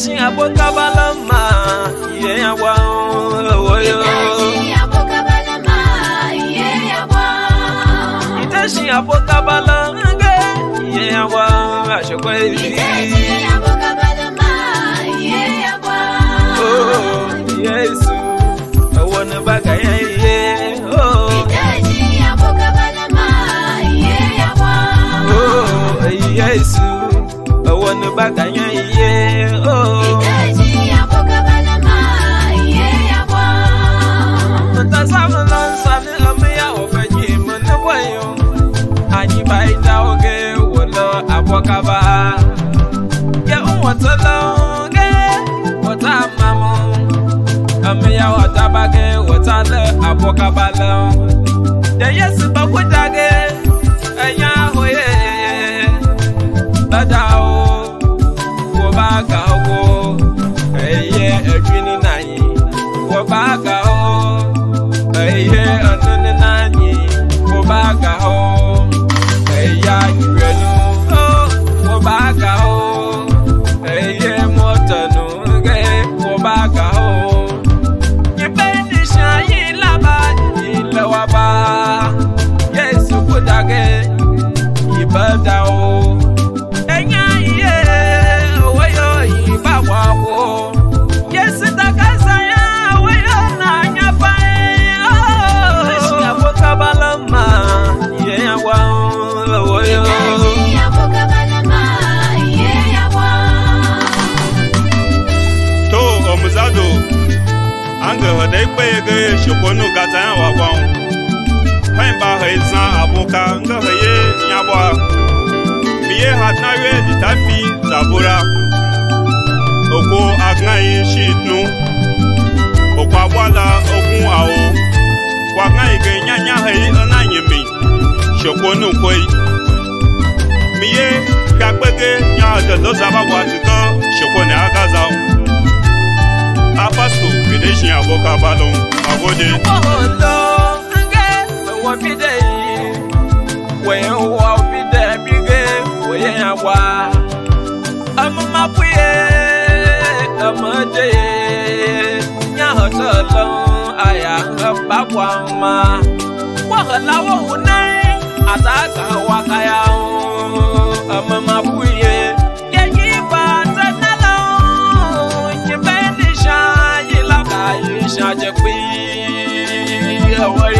Kishi aboka balama Iye yawa. wa oyo Itashi aboka balama Iye ya wa Itashi aboka balama Iye ya wa Ashokwa hivi Itashi aboka balama Iye ya wa Oh Yesu Awana baka ya iye Oh Itashi aboka balama Iye ya wa Oh Yesu Awana baka ya iye wakaba ye umwatsalonge watamamo amiya watabage watale abwakabalo ye yesu bakudage enyahoye badao wobaka ye ge shukonu gatan wa gwang pen ba he zan abuka nga ha ye nyabwa miye hatna ye ditafi zabura oko agna ye shitnu oko abwala ogun awo wagna ye ge nyanya he ana nyimi shukonu koi miye gagbege nya de lo zaba wa tukan shukonu aga shi aboka balon a gode hoto nge wa bide yi wayan wa bide bige wayan awa amma ma kuye amma je nya hoto lon aya ba kwa ma wa hala wa hunai ataka wa kaya amma ma kuye away.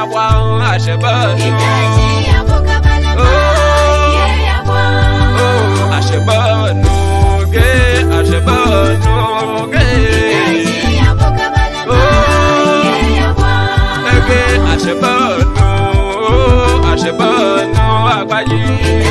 ya bwang ashebanu ashebanu ge ashebanu ge ge ashebanu ashebanu agbaye.